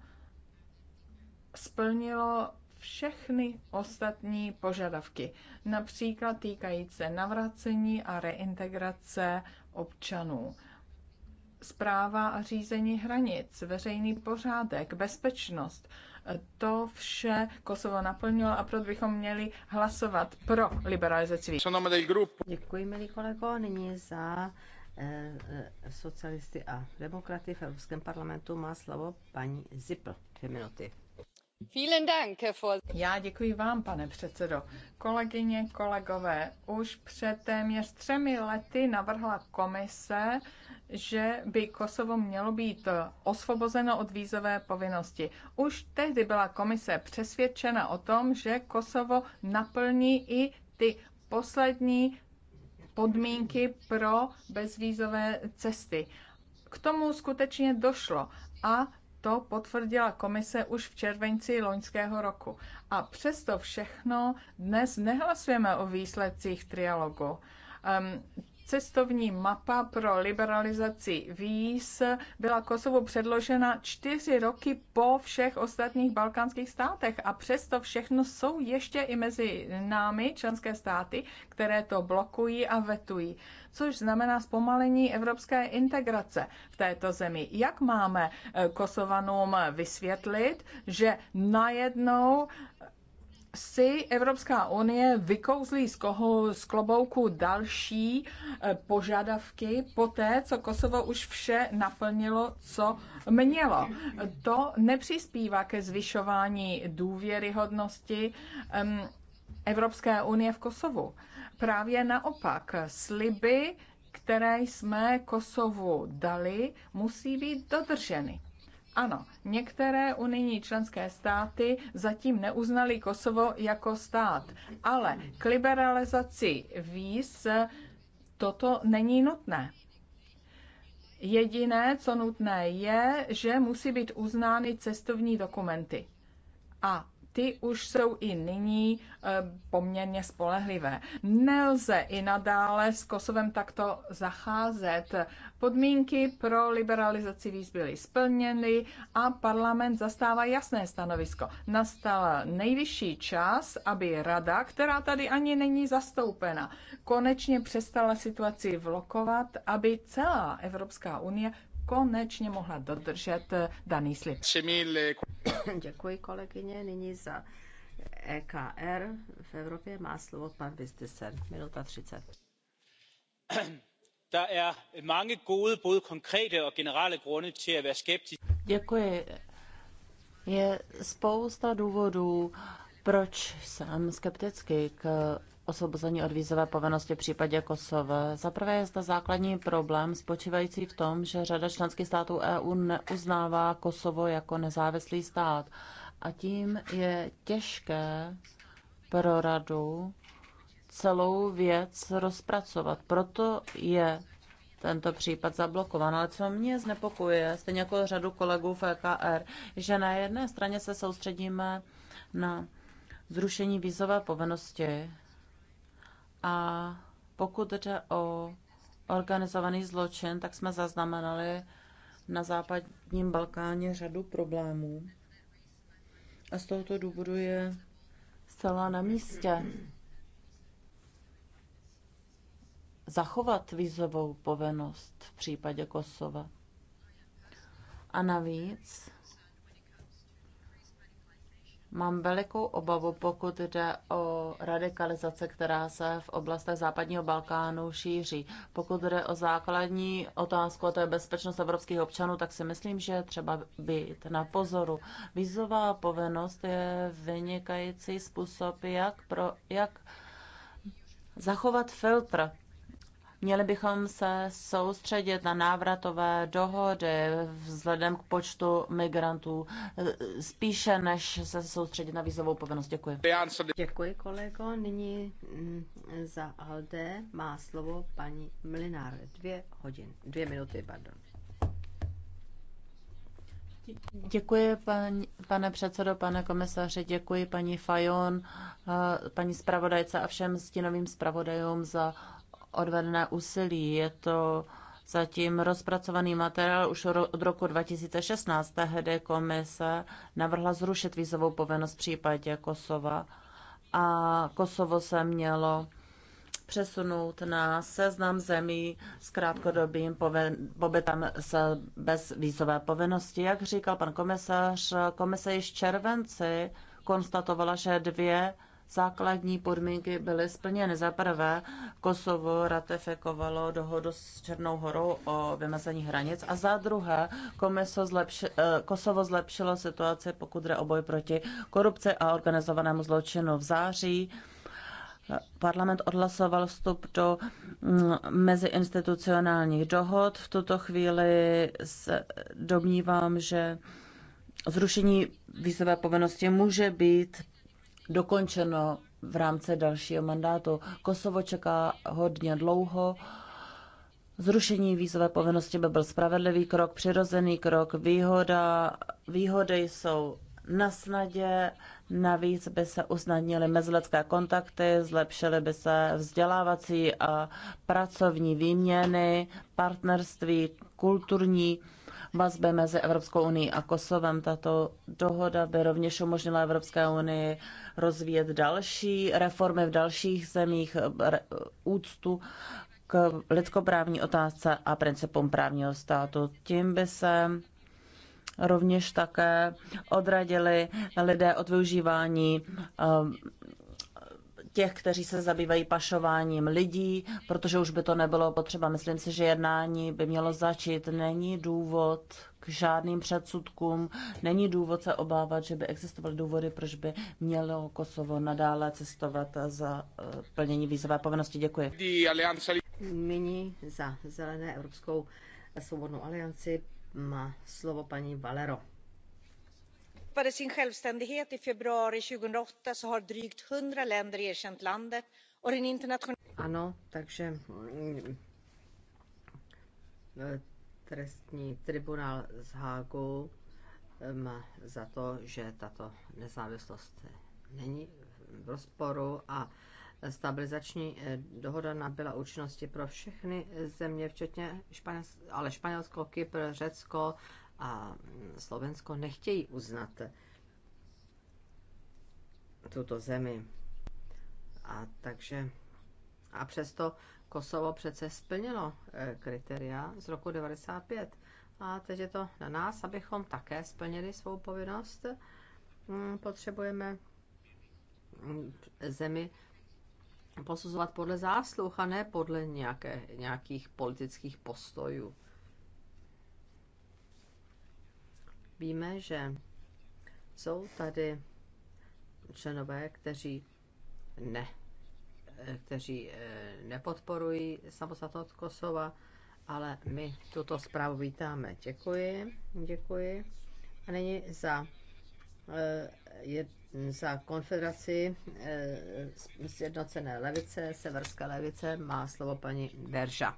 S1: splnilo všechny ostatní požadavky, například týkající se navracení a reintegrace občanů zpráva a řízení hranic, veřejný pořádek, bezpečnost. To vše Kosovo naplnilo a proto bychom měli hlasovat pro liberalizaci Děkuji, milí
S3: kolego. Nyní za eh, eh, socialisty a demokraty v Evropském parlamentu
S1: má slovo paní
S3: Zipl. Dvě minuty. Já
S1: děkuji vám, pane předsedo. Kolegyně, kolegové, už před téměř třemi lety navrhla komise že by Kosovo mělo být osvobozeno od vízové povinnosti. Už tehdy byla komise přesvědčena o tom, že Kosovo naplní i ty poslední podmínky pro bezvízové cesty. K tomu skutečně došlo a to potvrdila komise už v červenci loňského roku. A přesto všechno dnes nehlasujeme o výsledcích trialogu. Um, cestovní mapa pro liberalizaci víz byla Kosovu předložena čtyři roky po všech ostatních balkánských státech a přesto všechno jsou ještě i mezi námi členské státy, které to blokují a vetují, což znamená zpomalení evropské integrace v této zemi. Jak máme eh, Kosovanům vysvětlit, že najednou si Evropská unie vykouzlí z, koho, z klobouku další eh, požadavky po té, co Kosovo už vše naplnilo, co mělo. To nepřispívá ke zvyšování důvěryhodnosti Evropské unie v Kosovu. Právě naopak, sliby, které jsme Kosovu dali, musí být dodrženy. Ano, některé unijní členské státy zatím neuznaly Kosovo jako stát, ale k liberalizaci víz toto není nutné. Jediné, co nutné je, že musí být uznány cestovní dokumenty. A ty už jsou i nyní eh, poměrně spolehlivé. Nelze i nadále s Kosovem takto zacházet. Podmínky pro liberalizaci víz byly splněny a parlament zastává jasné stanovisko. Nastal nejvyšší čas, aby rada, která tady ani není zastoupena, konečně přestala situaci vlokovat, aby celá Evropská unie konečně mohla dodržet daný slib. Děkuji kolegyně. Nyní za
S3: EKR v Evropě má slovo pan Vistisen. Minuta 30.
S2: Er Děkuji. Je spousta důvodů, proč jsem skeptický k osvobození od vízové povinnosti v případě Kosova. Za prvé je zde základní problém spočívající v tom, že řada členských států EU neuznává Kosovo jako nezávislý stát a tím je těžké pro radu celou věc rozpracovat. Proto je tento případ zablokován. Ale co mě znepokuje, stejně jako řadu kolegů v EKR, že na jedné straně se soustředíme na zrušení vízové povinnosti a pokud jde o organizovaný zločin, tak jsme zaznamenali na západním Balkáně řadu problémů. A z tohoto důvodu je zcela na místě zachovat vízovou povinnost v případě Kosova. A navíc Mám velikou obavu, pokud jde o radikalizace, která se v oblastech západního Balkánu šíří. Pokud jde o základní otázku, a to je bezpečnost evropských občanů, tak si myslím, že třeba být na pozoru. Vízová povinnost je vynikající způsob, jak, pro, jak zachovat filtr Měli bychom se soustředit na návratové dohody vzhledem k počtu migrantů spíše, než se soustředit na výzovou povinnost. Děkuji.
S3: Děkuji, kolego. Nyní mm, za ALDE má slovo paní Mlinár. Dvě hodin, dvě minuty, pardon.
S2: Děkuji, pan, pane předsedo, pane komisaři, děkuji paní Fajon, eh, paní zpravodajce a všem stínovým zpravodajům za odvedené úsilí. Je to zatím rozpracovaný materiál už od roku 2016. Tehdy komise navrhla zrušit vízovou povinnost v případě Kosova a Kosovo se mělo přesunout na seznam zemí s krátkodobým pobytem se bez vízové povinnosti. Jak říkal pan komisař, komise již v červenci konstatovala, že dvě základní podmínky byly splněny. Za prvé, Kosovo ratifikovalo dohodu s Černou horou o vymezení hranic a za druhé, Komiso zlepši, eh, Kosovo zlepšilo situaci, pokud jde o boj proti korupci a organizovanému zločinu v září. Eh, parlament odhlasoval vstup do mm, meziinstitucionálních dohod. V tuto chvíli se domnívám, že zrušení vízové povinnosti může být dokončeno v rámci dalšího mandátu. Kosovo čeká hodně dlouho. Zrušení vízové povinnosti by byl spravedlivý krok, přirozený krok, výhoda, výhody jsou na snadě, navíc by se usnadnily mezilecké kontakty, zlepšily by se vzdělávací a pracovní výměny, partnerství, kulturní vazby mezi Evropskou unii a Kosovem. Tato dohoda by rovněž umožnila Evropské unii rozvíjet další reformy v dalších zemích, úctu k lidskoprávní otázce a principům právního státu. Tím by se rovněž také odradili lidé od využívání eh, těch, kteří se zabývají pašováním lidí, protože už by to nebylo potřeba. Myslím si, že jednání by mělo začít. Není důvod k žádným předsudkům, není důvod se obávat, že by existovaly důvody, proč by mělo Kosovo nadále cestovat za eh, plnění vízové povinnosti. Děkuji. Nyní za Zelené Evropskou svobodnou alianci má slovo
S3: paní Valero slopade sin självständighet i februari two thousand and har drygt 100 länder erkänt landet och den internationella... Ano, takže mm, eh, trestní tribunál z Hágu má za to, že tato nezávislost není v rozporu a stabilizační eh, dohoda nabyla účinnosti pro všechny země, včetně Španělsko, ale Španělsko, Kypr, Řecko, a Slovensko nechtějí uznat tuto zemi. A takže a přesto Kosovo přece splnilo e, kritéria z roku 95. A teď je to na nás, abychom také splnili svou povinnost. Mm, potřebujeme mm, zemi posuzovat podle zásluh a ne podle nějaké, nějakých politických postojů. Víme, že jsou tady členové, kteří ne, kteří eh, nepodporují samostatnost Kosova, ale my tuto zprávu vítáme. Děkuji, děkuji. A nyní za, eh, je, za konfederaci eh, sjednocené levice, severské levice, má slovo paní Berža.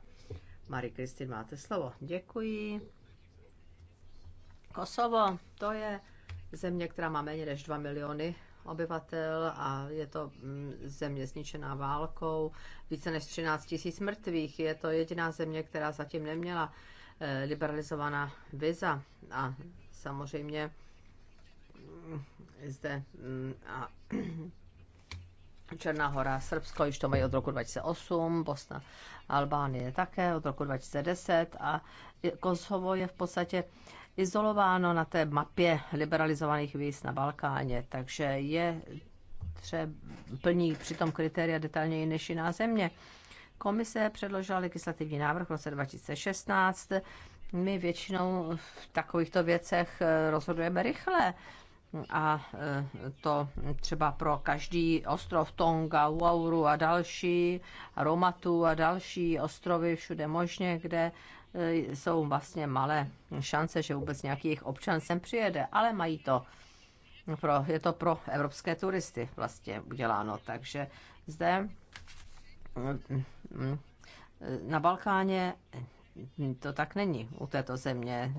S3: Marie Kristin, máte slovo. Děkuji. Kosovo, to je země, která má méně než 2 miliony obyvatel a je to mm, země zničená válkou, více než 13 tisíc mrtvých. Je to jediná země, která zatím neměla eh, liberalizovaná viza a samozřejmě mm, zde mm, a Černá hora, Srbsko, již to mají od roku 2008, Bosna, Albánie také od roku 2010 a Kosovo je v podstatě izolováno na té mapě liberalizovaných víz na Balkáně, takže je třeba plní přitom kritéria detailněji než jiná země. Komise předložila legislativní návrh v roce 2016. My většinou v takovýchto věcech eh, rozhodujeme rychle a eh, to třeba pro každý ostrov Tonga, Uauru a další, Romatu a další ostrovy všude možně, kde Eh, jsou vlastně malé šance, že vůbec nějaký jejich občan sem přijede, ale mají to. Pro, je to pro evropské turisty vlastně uděláno, takže zde eh, eh, na Balkáně to tak není u této země.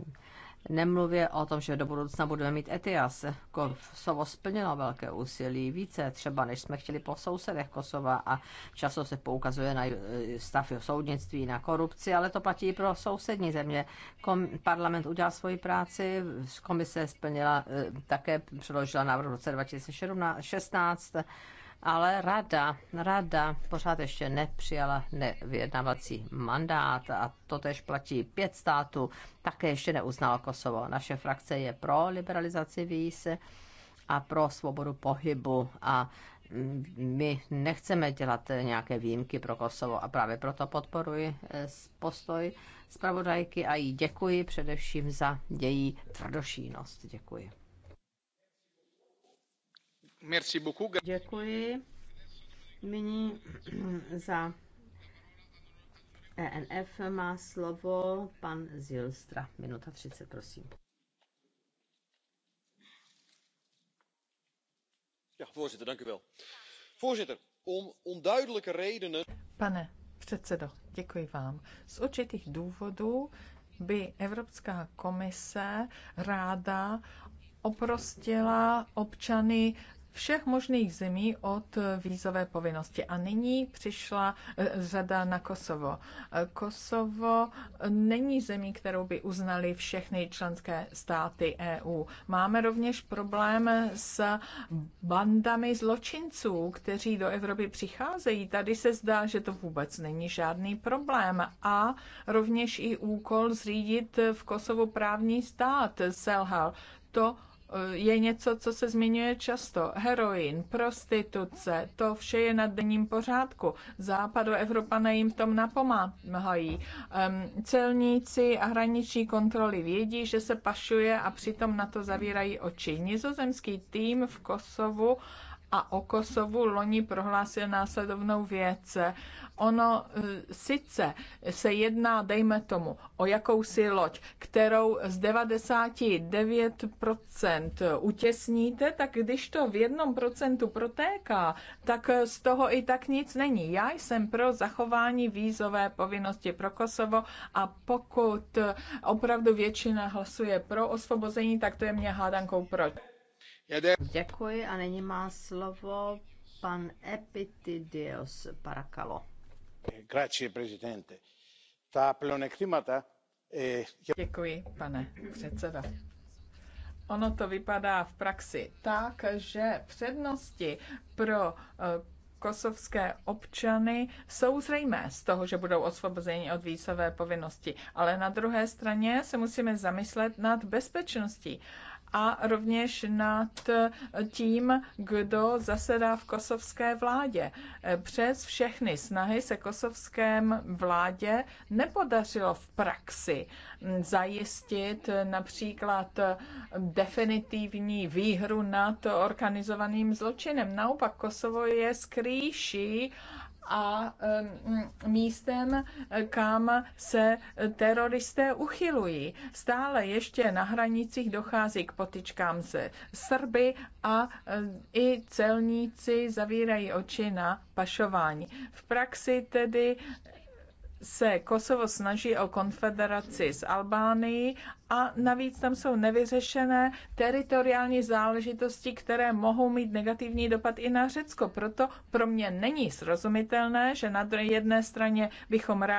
S3: Nemluvě o tom, že do budoucna budeme mít ETIAS. Kosovo splnilo velké úsilí, více třeba, než jsme chtěli po sousedech Kosova a často se poukazuje na eh, stav soudnictví, na korupci, ale to platí i pro sousední země. Kom, parlament udělal svoji práci, komise splnila, eh, také předložila návrh v roce 2016 ale rada, rada pořád ještě nepřijala nevyjednávací mandát a to tež platí pět států, také ještě neuznala Kosovo. Naše frakce je pro liberalizaci víz a pro svobodu pohybu a my nechceme dělat nějaké výjimky pro Kosovo a právě proto podporuji eh, postoj zpravodajky a jí děkuji především za její tvrdošínost. Děkuji.
S1: Děkuji.
S3: Nyní za ENF má slovo pan Zilstra. Minuta 30, prosím.
S2: Ja, voorzitter, dank u
S1: wel. Voorzitter, om onduidelijke redenen. Pane předsedo, děkuji vám. Z určitých důvodů by Evropská komise ráda oprostila občany všech možných zemí od vízové povinnosti. A nyní přišla eh, řada na Kosovo. Eh, Kosovo není zemí, kterou by uznali všechny členské státy EU. Máme rovněž problém s bandami zločinců, kteří do Evropy přicházejí. Tady se zdá, že to vůbec není žádný problém. A rovněž i úkol zřídit v Kosovu právní stát selhal. To Eh, je něco, co se zmiňuje často. Heroin, prostituce, to vše je na denním pořádku. Západu Evropané jim tom napomáhají. Um, celníci a hraniční kontroly vědí, že se pašuje a přitom na to zavírají oči. Nizozemský tým v Kosovu a o Kosovu loni prohlásil následovnou věc. Ono e, sice se jedná, dejme tomu, o jakousi loď, kterou z 99% utěsníte, tak když to v jednom procentu protéká, tak z toho i tak nic není. Já jsem pro zachování vízové povinnosti pro Kosovo a pokud opravdu většina hlasuje pro osvobození, tak to je mě hádankou proč. Děkuji a nyní má slovo
S3: pan Epitidios Parakalo.
S1: Eh, Děkuji, pane předseda. Ono to vypadá v praxi tak, že přednosti pro eh, kosovské občany jsou zřejmé z toho, že budou osvobozeni od výsové povinnosti. Ale na druhé straně se musíme zamyslet nad bezpečností a rovněž nad tím, kdo zasedá v kosovské vládě. Přes všechny snahy se kosovském vládě nepodařilo v praxi zajistit například definitivní výhru nad organizovaným zločinem. Naopak Kosovo je skrýší a místem, kam se teroristé uchylují. Stále ještě na hranicích dochází k potičkám se Srby a i celníci zavírají oči na pašování. V praxi tedy se Kosovo snaží o konfederaci s Albánií a navíc tam jsou nevyřešené teritoriální záležitosti, které mohou mít negativní dopad i na Řecko. Proto pro mě není srozumitelné, že na jedné straně bychom rádi